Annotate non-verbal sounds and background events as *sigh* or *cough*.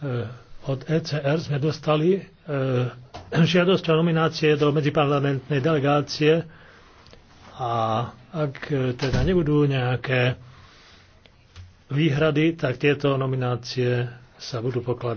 E, od ECR sme dostali e, *clears throat* žiadosť o nominácie do medziparlamentnej delegácie a ak e, teda nebudú nejaké výhrady, tak tieto nominácie sa budú pokladať